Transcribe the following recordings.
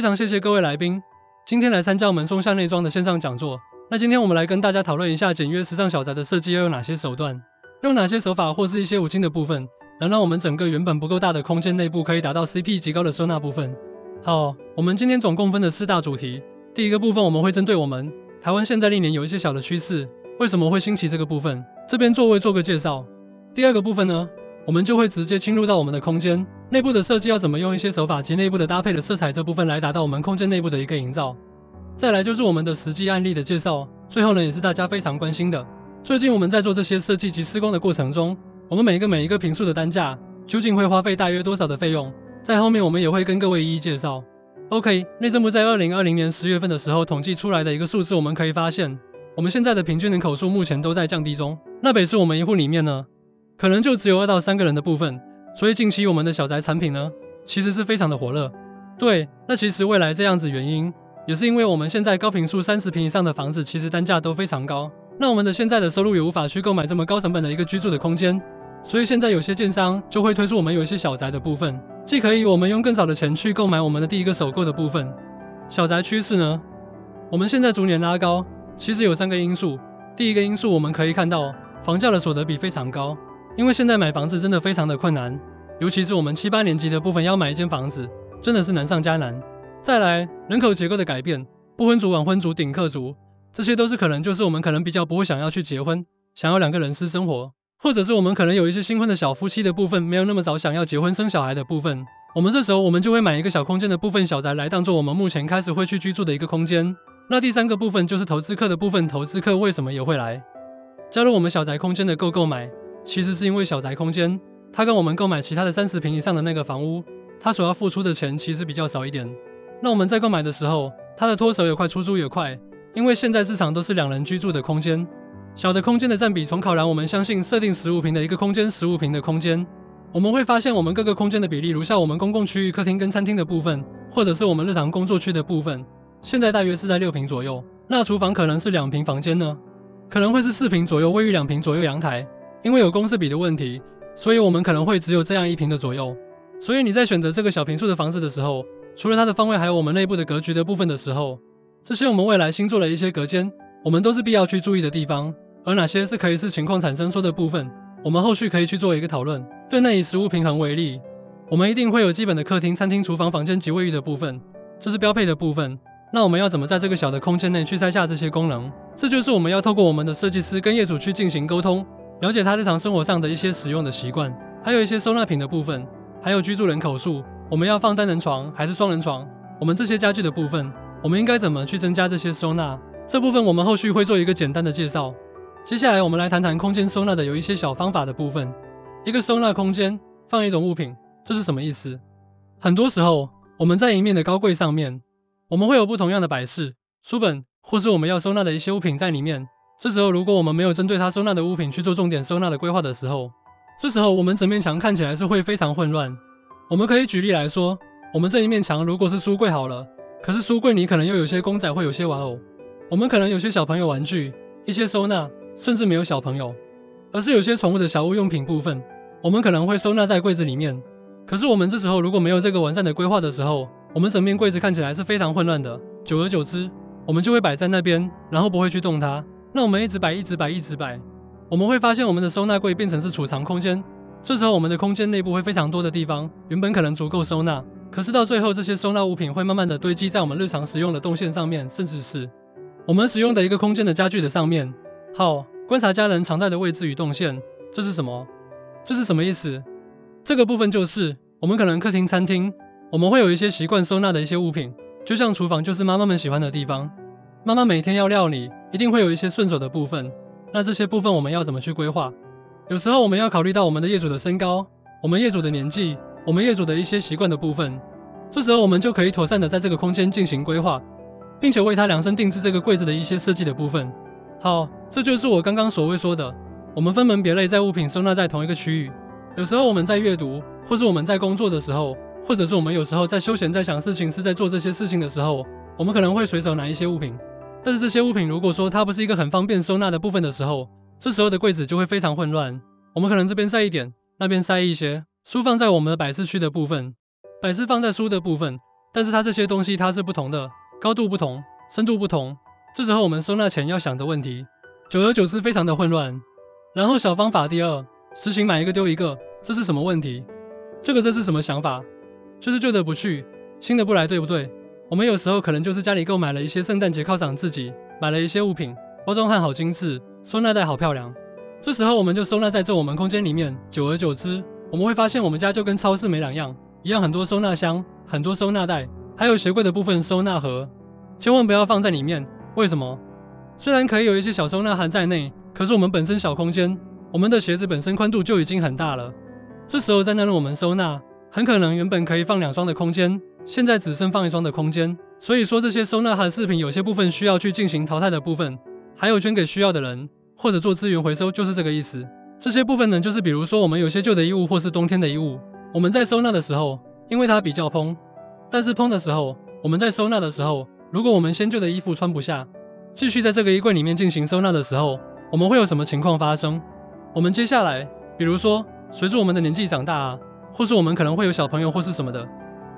非常謝謝各位來賓，今天來參加我們松下內裝的線上講座。那今天我們來跟大家討論一下簡約時尚小宅的設計要用哪些手段，用哪些手法或是一些五金的部分，能讓我們整個原本不夠大的空間內部可以達到 CP 極高的收納部分。好，我們今天總共分的四大主題。第一個部分我們會針對我們台灣現在歷年有一些小的趨勢，為什麼會興起這個部分？這邊座位做個介紹。第二個部分呢？我們就會直接侵入到我們的空間內部的設計，要怎麼用一些手法及內部的搭配的色彩這部分來達到我們空間內部的一個營造。再來就是我們的實際案例的介紹，最後呢也是大家非常關心的，最近我們在做這些設計及施工的過程中，我們每一個每一個坪數的單價究竟會花費大約多少的費用，在後面我們也會跟各位一一介紹。OK，內政部在二零二零年十月份的時候統計出來的一個數字，我們可以發現，我們現在的平均人口數目前都在降低中，那表示我們一戶裡面呢。可能就只有二到三個人的部分，所以近期我們的小宅產品呢，其實是非常的火熱。對，那其實未來這樣子原因，也是因為我們現在高坪數三十平以上的房子，其實單價都非常高，那我們的現在的收入也無法去購買這麼高成本的一個居住的空間，所以現在有些建商就會推出我們有一些小宅的部分，既可以我們用更少的錢去購買我們的第一個首購的部分。小宅趨勢呢，我們現在逐年拉高，其實有三個因素，第一個因素我們可以看到，房價的所得比非常高。因為現在買房子真的非常的困難，尤其是我們七八年級的部分要買一間房子，真的是難上加難。再來，人口結構的改變，不婚族、晚婚族、頂客族，這些都是可能，就是我們可能比較不會想要去結婚，想要兩個人私生活，或者是我們可能有一些新婚的小夫妻的部分，沒有那麼早想要結婚生小孩的部分，我們這時候我們就會買一個小空間的部分小宅來當做我們目前開始會去居住的一個空間。那第三個部分就是投資客的部分，投資客為什麼也會來加入我們小宅空間的購購買？其實是因為小宅空間，它跟我們購買其他的三十坪以上的那個房屋，它所要付出的錢其實比較少一點。那我們在購買的時候，它的脫手也快，出租也快，因為現在市場都是兩人居住的空間，小的空間的佔比。從考量我們相信設定十五坪的一個空間，十五坪的空間，我們會發現我們各個空間的比例，如下：我們公共區域、客廳跟餐廳的部分，或者是我們日常工作區的部分，現在大約是在六坪左右。那廚房可能是兩坪，房間呢？可能會是四坪左右，衛浴兩坪左右，陽台。因為有公設比的問題，所以我們可能會只有這樣一平的左右。所以你在選擇這個小坪數的房子的時候，除了它的方位，還有我們內部的格局的部分的時候，這些我們未來新做的一些隔間，我們都是必要去注意的地方。而哪些是可以視情況產生說的部分，我們後續可以去做一個討論。對，那以實物平衡為例，我們一定會有基本的客廳、餐廳、廚房、房間及衛浴的部分，這是標配的部分。那我們要怎麼在這個小的空間內去塞下這些功能？這就是我們要透過我們的設計師跟業主去進行溝通。了解他日常生活上的一些使用的習慣，還有一些收納品的部分，還有居住人口數。我們要放單人床還是雙人床？我們這些家具的部分，我們應該怎麼去增加這些收納？這部分我們後續會做一個簡單的介紹。接下來我們來談談空間收納的有一些小方法的部分。一個收納空間放一種物品，這是什麼意思？很多時候我們在一面的高櫃上面，我們會有不同樣的擺飾、書本，或是我們要收納的一些物品在裡面。這時候，如果我們沒有針對他收納的物品去做重點收納的規劃的時候，這時候我們整面牆看起來是會非常混亂。我們可以舉例來說，我們這一面牆如果是書櫃好了，可是書櫃裡可能又有些公仔，會有些玩偶，我們可能有些小朋友玩具，一些收納，甚至沒有小朋友，而是有些寵物的小物用品部分，我們可能會收納在櫃子裡面。可是我們這時候如果沒有這個完善的規劃的時候，我們整面櫃子看起來是非常混亂的。久而久之，我們就會擺在那邊，然後不會去動它。那我們一直擺，一直擺，一直擺，我們會發現我們的收納櫃變成是儲藏空間。這時候我們的空間內部會非常多的地方，原本可能足夠收納，可是到最後這些收納物品會慢慢的堆積在我們日常使用的動線上面，甚至是我們使用的一個空間的家具的上面。好，觀察家人常在的位置與動線，這是什麼？這是什麼意思？這個部分就是我們可能客廳、餐廳，我們會有一些習慣收納的一些物品，就像廚房就是媽媽們喜歡的地方，媽媽每天要料理。一定會有一些順手的部分，那這些部分我們要怎麼去規劃？有時候我們要考慮到我們的業主的身高，我們業主的年紀，我們業主的一些習慣的部分，這時候我們就可以妥善的在這個空間進行規劃，並且為他量身定制這個櫃子的一些設計的部分。好，這就是我剛剛所謂說的，我們分門別類在物品收納在同一個區域。有時候我們在閱讀，或是我們在工作的時候，或者是我們有時候在休閒在想事情是在做這些事情的時候，我們可能會隨手拿一些物品。但是這些物品如果說它不是一個很方便收納的部分的時候，這時候的櫃子就會非常混亂。我們可能這邊塞一點，那邊塞一些，書放在我們的擺飾區的部分，擺飾放在書的部分，但是它這些東西它是不同的，高度不同，深度不同。這時候我們收納前要想的問題，久而久之非常的混亂。然後小方法第二，實行買一個丟一個，這是什麼問題？這個這是什麼想法？就是舊的不去，新的不來，對不對？我們有時候可能就是家裡購買了一些聖誕節犒賞自己，買了一些物品，包裝盒好精緻，收納袋好漂亮。這時候我們就收納在這我們空間裡面。久而久之，我們會發現我們家就跟超市沒兩樣，一樣很多收納箱，很多收納袋，還有鞋櫃的部分收納盒。千萬不要放在裡面，為什麼？雖然可以有一些小收納盒在內，可是我們本身小空間，我們的鞋子本身寬度就已經很大了。這時候在那讓我們收納，很可能原本可以放兩雙的空間。現在只剩放一雙的空間，所以說這些收納和飾品有些部分需要去進行淘汰的部分，還有捐給需要的人，或者做資源回收，就是這個意思。這些部分呢，就是比如說我們有些舊的衣物，或是冬天的衣物，我們在收納的時候，因為它比較蓬，但是蓬的時候，我們在收納的時候，如果我們先舊的衣服穿不下，繼續在這個衣櫃裡面進行收納的時候，我們會有什麼情況發生？我們接下來，比如說隨着我們的年紀長大，啊，或是我們可能會有小朋友或是什麼的。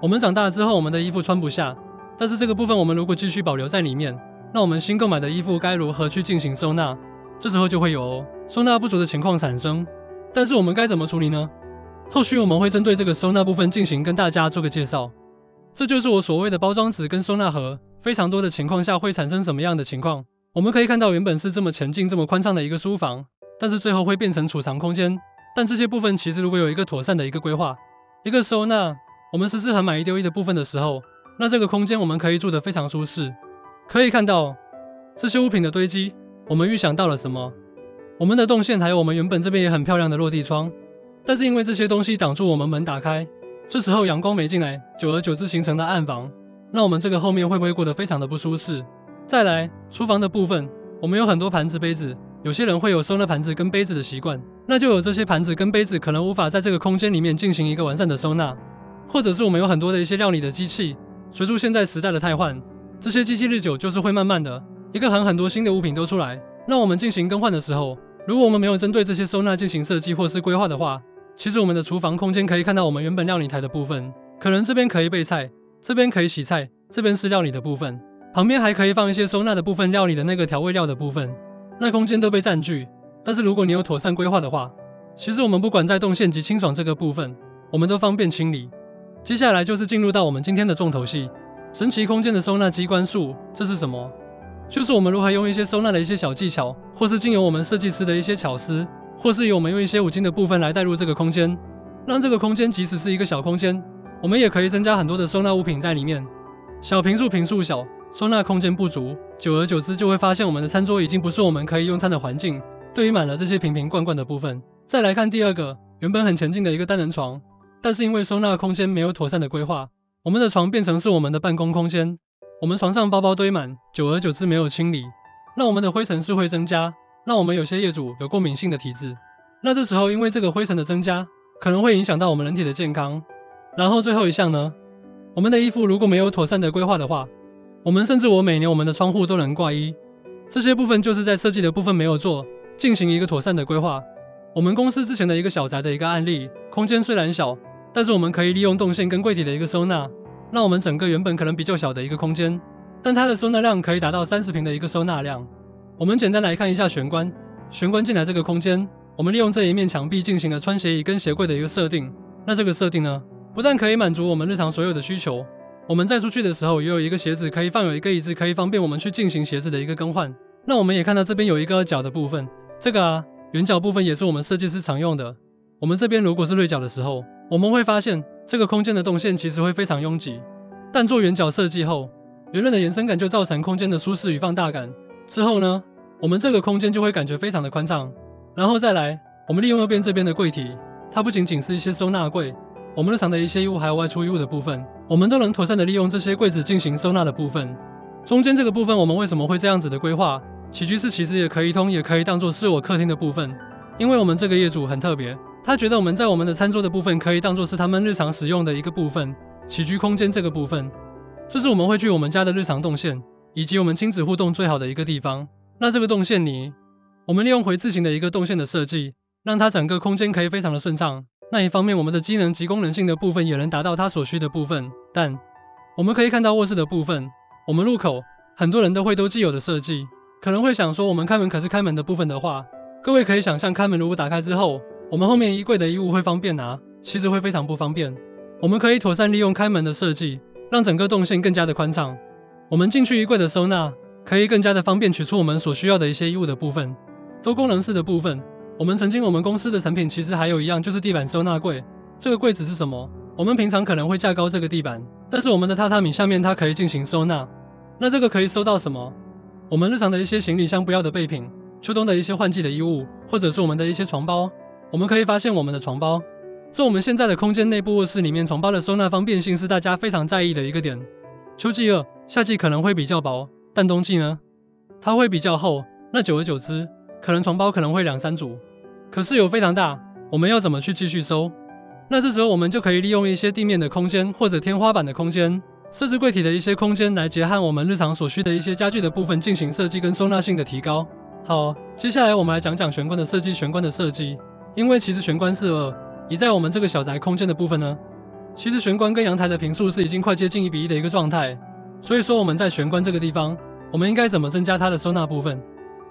我們長大之後，我們的衣服穿不下，但是這個部分我們如果繼續保留在裡面，那我們新購買的衣服該如何去進行收納？這時候就會有收納不足的情況產生。但是我們該怎麼處理呢？後續我們會針對這個收納部分進行跟大家做個介紹。這就是我所謂的包裝紙跟收納盒，非常多的情況下會產生什麼樣的情況？我們可以看到原本是這麼前進、這麼寬敞的一個書房，但是最後會變成儲藏空間。但這些部分其實如果有一個妥善的一個規劃，一個收納。我們實施很買一丟一的部分的時候，那這個空間我們可以住得非常舒適，可以看到這些物品的堆積，我們預想到了什麼？我們的動線還有我們原本這邊也很漂亮的落地窗，但是因為這些東西擋住我們門打開，這時候陽光沒進來，久而久之形成的暗房，那我們這個後面會不會過得非常的不舒適？再來廚房的部分，我們有很多盤子、杯子，有些人會有收納盤子跟杯子的習慣，那就有這些盤子跟杯子可能無法在這個空間裡面進行一個完善的收納。或者是我們有很多的一些料理的機器，隨着現在時代的汰換，這些機器日久就是會慢慢的一個很很多新的物品都出來，那我們進行更換的時候，如果我們沒有針對這些收納進行設計或是規劃的話，其實我們的廚房空間可以看到我們原本料理台的部分，可能這邊可以備菜，這邊可以洗菜，這邊是料理的部分，旁邊還可以放一些收納的部分，料理的那個調味料的部分，那空間都被占據。但是如果你有妥善規劃的話，其實我們不管在動線及清爽這個部分，我們都方便清理。接下來就是進入到我們今天的重頭戲，神奇空間的收納機關術，這是什麼？就是我們如何用一些收納的一些小技巧，或是經由我們設計師的一些巧思，或是由我們用一些五金的部分來帶入這個空間，讓這個空間即使是一個小空間，我們也可以增加很多的收納物品在裡面。小坪數坪數小，收納空間不足，久而久之就會發現我們的餐桌已經不是我們可以用餐的環境，堆滿了這些瓶瓶罐罐的部分。再來看第二個，原本很前進的一個單人床。但是因為收納空間沒有妥善的規劃，我們的床變成是我們的辦公空間，我們床上包包堆滿，久而久之沒有清理，那我們的灰塵是會增加，讓我們有些業主有過敏性的體質。那這時候因為這個灰塵的增加，可能會影響到我們人體的健康。然後最後一項呢，我們的衣服如果沒有妥善的規劃的話，我們甚至我每年我們的窗戶都能掛衣，這些部分就是在設計的部分沒有做，進行一個妥善的規劃。我們公司之前的一個小宅的一個案例，空間雖然小。但是我們可以利用動線跟櫃體的一個收納，讓我們整個原本可能比較小的一個空間，但它的收納量可以達到三十平的一個收納量。我們簡單來看一下玄關，玄關進來這個空間，我們利用這一面牆壁進行了穿鞋椅跟鞋櫃的一個設定。那這個設定呢，不但可以滿足我們日常所有的需求，我們在出去的時候也有一個鞋子可以放，有一個椅子可以方便我們去進行鞋子的一個更換。那我們也看到這邊有一個角的部分，這個啊，圓角部分也是我們設計師常用的。我們這邊如果是銳角的時候。我們會發現這個空間的動線其實會非常擁擠，但做圓角設計後，圓潤的延伸感就造成空間的舒適與放大感。之後呢，我們這個空間就會感覺非常的寬敞。然後再來，我們利用右邊這邊的櫃體，它不僅僅是一些收納櫃，我們日常的一些衣物還有外出衣物的部分，我們都能妥善的利用這些櫃子進行收納的部分。中間這個部分我們為什麼會這樣子的規劃？起居室其實也可以通，也可以當做是我客廳的部分，因為我們這個業主很特別。他覺得我們在我們的餐桌的部分可以當作是他們日常使用的一個部分，起居空間這個部分，這是我們匯聚我們家的日常動線以及我們親子互動最好的一個地方。那這個動線呢，我們利用回字形的一個動線的設計，讓它整個空間可以非常的順暢。那一方面我們的機能及功能性的部分也能達到它所需的部分。但我們可以看到臥室的部分，我們入口很多人都會都既有的設計，可能會想說我們開門，可是開門的部分的話，各位可以想象開門如果打開之後。我們後面衣櫃的衣物會方便拿，其實會非常不方便。我們可以妥善利用開門的設計，讓整個動線更加的寬敞。我們進去衣櫃的收納，可以更加的方便取出我們所需要的一些衣物的部分。多功能式的部分，我們曾經我們公司的產品其實還有一樣就是地板收納櫃。這個櫃子是什麼？我們平常可能會架高這個地板，但是我們的榻榻米下面它可以進行收納。那這個可以收到什麼？我們日常的一些行李箱不要的備品，秋冬的一些換季的衣物，或者是我們的一些床包。我們可以發現我們的床包。在我們現在的空間內部臥室裡面，床包的收納方便性是大家非常在意的一個點。秋季二，夏季可能會比較薄，但冬季呢，它會比較厚。那久而久之，可能床包可能會兩三組，可是有非常大，我們要怎麼去繼續收？那這時候我們就可以利用一些地面的空間或者天花板的空間，設置櫃體的一些空間，來結合我們日常所需的一些家具的部分進行設計跟收納性的提高。好，接下來我們來講講玄關的設計，玄關的設計。因為其實玄關是呃，已在我們這個小宅空間的部分呢，其實玄關跟陽台的坪數是已經快接近一比一的一個狀態，所以說我們在玄關這個地方，我們應該怎麼增加它的收納部分？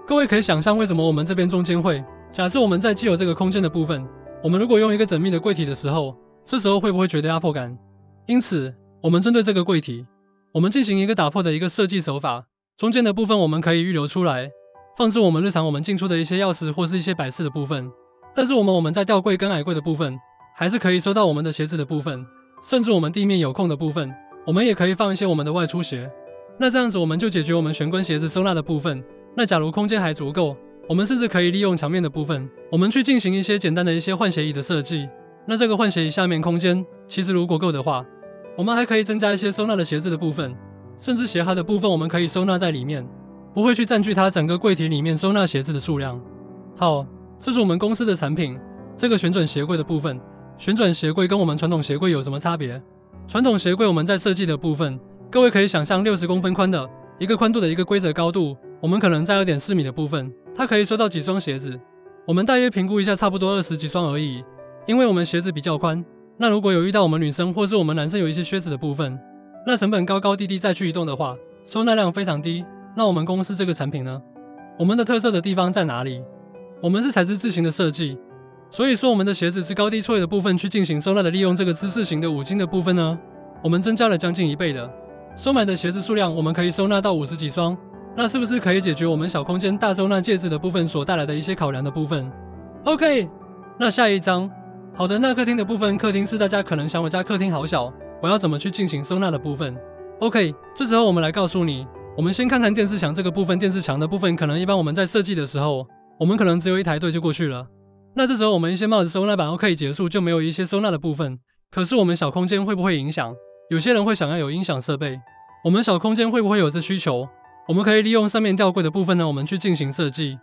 各位可以想象，為什麼我們這邊中間會，假設我們在既有這個空間的部分，我們如果用一個縝密的櫃體的時候，這時候會不會覺得壓迫感？因此，我們針對這個櫃體，我們進行一個打破的一個設計手法，中間的部分我們可以預留出來，放置我們日常我們進出的一些鑰匙或是一些擺飾的部分。但是我們我們在吊櫃跟矮櫃的部分，還是可以收到我們的鞋子的部分，甚至我們地面有空的部分，我們也可以放一些我們的外出鞋。那這樣子我們就解決我們玄關鞋子收納的部分。那假如空間還足夠，我們甚至可以利用牆面的部分，我們去進行一些簡單的一些換鞋椅的設計。那這個換鞋椅下面空間，其實如果夠的話，我們還可以增加一些收納的鞋子的部分，甚至鞋盒的部分我們可以收納在裡面，不會去佔據它整個櫃體裡面收納鞋子的數量。好。這是我們公司的產品，這個旋轉鞋櫃的部分，旋轉鞋櫃跟我們傳統鞋櫃有什麼差別？傳統鞋櫃我們在設計的部分，各位可以想象六十公分寬的一個寬度的一個規則高度，我們可能在二點四米的部分，它可以收到幾雙鞋子，我們大約評估一下，差不多二十幾雙而已，因為我們鞋子比較寬，那如果有遇到我們女生或是我們男生有一些靴子的部分，那成本高高低低再去移動的話，收納量非常低，那我們公司這個產品呢，我們的特色的地方在哪裡？我們是材質自行的設計，所以說我們的鞋子是高低錯位的部分去進行收納的。利用這個姿勢型的五金的部分呢，我們增加了將近一倍的收納的鞋子數量，我們可以收納到五十幾雙，那是不是可以解決我們小空間大收納戒指的部分所帶來的一些考量的部分？OK，那下一張，好的，那客廳的部分，客廳是大家可能想我家客廳好小，我要怎麼去進行收納的部分？OK，這時候我們來告訴你，我們先看看電視牆這個部分，電視牆的部分可能一般我們在設計的時候。我們可能只有一台隊就過去了，那這時候我們一些帽子收納板都可以結束，就沒有一些收納的部分。可是我們小空間會不會影響？有些人會想要有音響設備，我們小空間會不會有這需求？我們可以利用上面吊櫃的部分呢，我們去進行設計，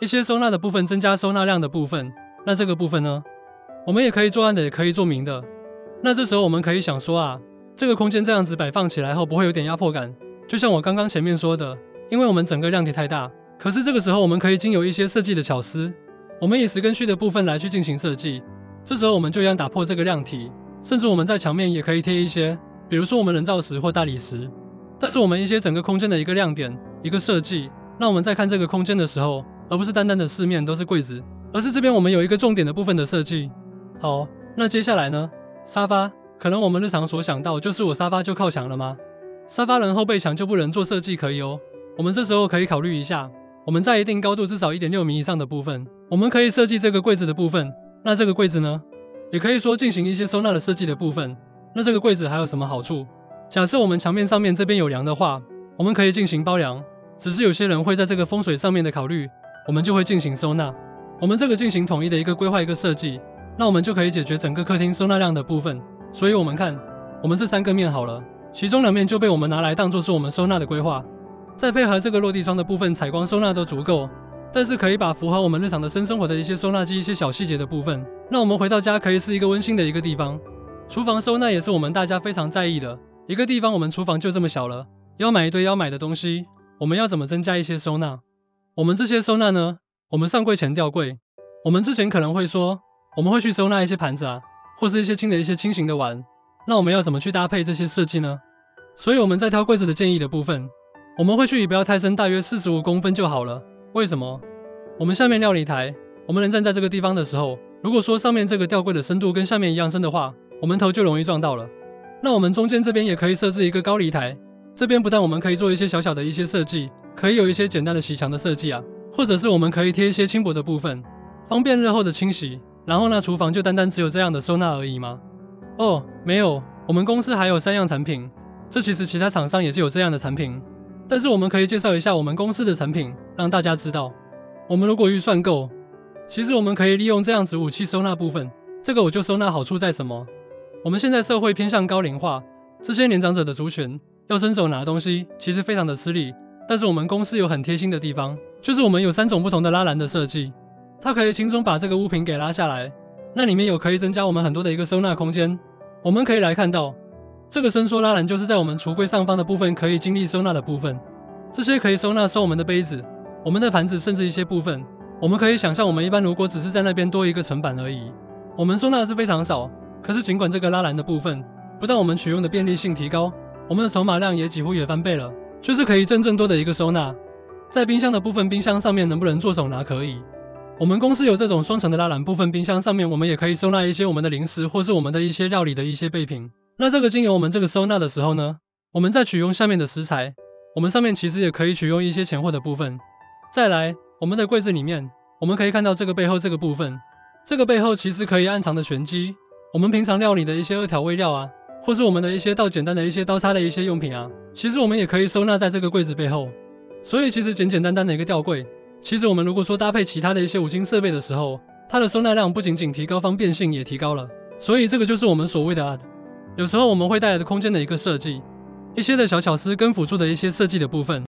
一些收納的部分，增加收納量的部分。那這個部分呢，我們也可以做暗的，也可以做明的。那這時候我們可以想說啊，這個空間這樣子擺放起來後不會有點壓迫感？就像我剛剛前面說的，因為我們整個量體太大。可是這個時候，我們可以經由一些設計的巧思，我們以實跟虛的部分來去進行設計。這時候我們就要打破這個量體，甚至我們在牆面也可以貼一些，比如說我們人造石或大理石。但是我們一些整個空間的一個亮點，一個設計，讓我們在看這個空間的時候，而不是單單的四面都是櫃子，而是這邊我們有一個重點的部分的設計。好，那接下來呢？沙發，可能我們日常所想到就是我沙發就靠牆了嗎？沙發人後背牆就不能做設計可以哦？我們這時候可以考慮一下。我們在一定高度，至少一點六米以上的部分，我們可以設計這個櫃子的部分。那這個櫃子呢，也可以說進行一些收納的設計的部分。那這個櫃子還有什麼好處？假設我們牆面上面這邊有梁的話，我們可以進行包梁。只是有些人會在這個風水上面的考慮，我們就會進行收納。我們這個進行統一的一個規劃一個設計，那我們就可以解決整個客廳收納量的部分。所以我們看，我們這三個面好了，其中兩面就被我們拿來當做是我們收納的規劃。再配合這個落地窗的部分，採光收納都足夠，但是可以把符合我們日常的生生活的一些收納及一些小細節的部分，那我們回到家可以是一個溫馨的一個地方。廚房收納也是我們大家非常在意的一個地方，我們廚房就這麼小了，要買一堆要買的東西，我們要怎麼增加一些收納？我們這些收納呢？我們上櫃前吊櫃，我們之前可能會說，我們會去收納一些盤子啊，或是一些輕的一些輕型的碗，那我們要怎麼去搭配這些設計呢？所以我們在挑櫃子的建議的部分。我們會去也不要太深，大約四十五公分就好了。為什麼？我們下面料理台，我們能站在這個地方的時候，如果說上面這個吊櫃的深度跟下面一樣深的話，我們頭就容易撞到了。那我們中間這邊也可以設置一個高離台，這邊不但我們可以做一些小小的一些設計，可以有一些簡單的洗牆的設計啊，或者是我們可以貼一些輕薄的部分，方便日後的清洗。然後呢，廚房就單單只有這樣的收納而已嗎？哦，沒有，我們公司還有三樣產品，這其實其他廠商也是有這樣的產品。但是我們可以介紹一下我們公司的產品，讓大家知道，我們如果預算夠，其實我們可以利用這樣子武器收納部分，這個我就收納好處在什麼？我們現在社會偏向高齡化，這些年長者的族群要伸手拿東西，其實非常的吃力。但是我們公司有很貼心的地方，就是我們有三種不同的拉籃的設計，它可以輕鬆把這個物品給拉下來，那裡面有可以增加我們很多的一個收納空間。我們可以來看到。這個伸縮拉籃就是在我們櫥櫃上方的部分，可以經歷收納的部分。這些可以收納收我們的杯子、我們的盤子，甚至一些部分。我們可以想象，我們一般如果只是在那邊多一個層板而已，我們收納是非常少。可是儘管這個拉籃的部分，不但我們取用的便利性提高，我們的籌碼量也幾乎也翻倍了，就是可以真正多的一個收納。在冰箱的部分，冰箱上面能不能做手拿？可以。我們公司有這種雙層的拉籃部分，冰箱上面我們也可以收納一些我們的零食，或是我們的一些料理的一些備品。那這個經由我們這個收納的時候呢，我們再取用下面的食材，我們上面其實也可以取用一些前貨的部分。再來，我們的櫃子裡面，我們可以看到這個背後這個部分，這個背後其實可以暗藏的玄機。我們平常料理的一些二調味料啊，或是我們的一些到簡單的一些刀叉的一些用品啊，其實我們也可以收納在這個櫃子背後。所以其實簡簡單單的一個吊櫃，其實我們如果說搭配其他的一些五金設備的時候，它的收納量不僅僅提高，方便性也提高了。所以這個就是我們所謂的。有時候我們會帶來的空間的一個設計，一些的小巧思跟輔助的一些設計的部分。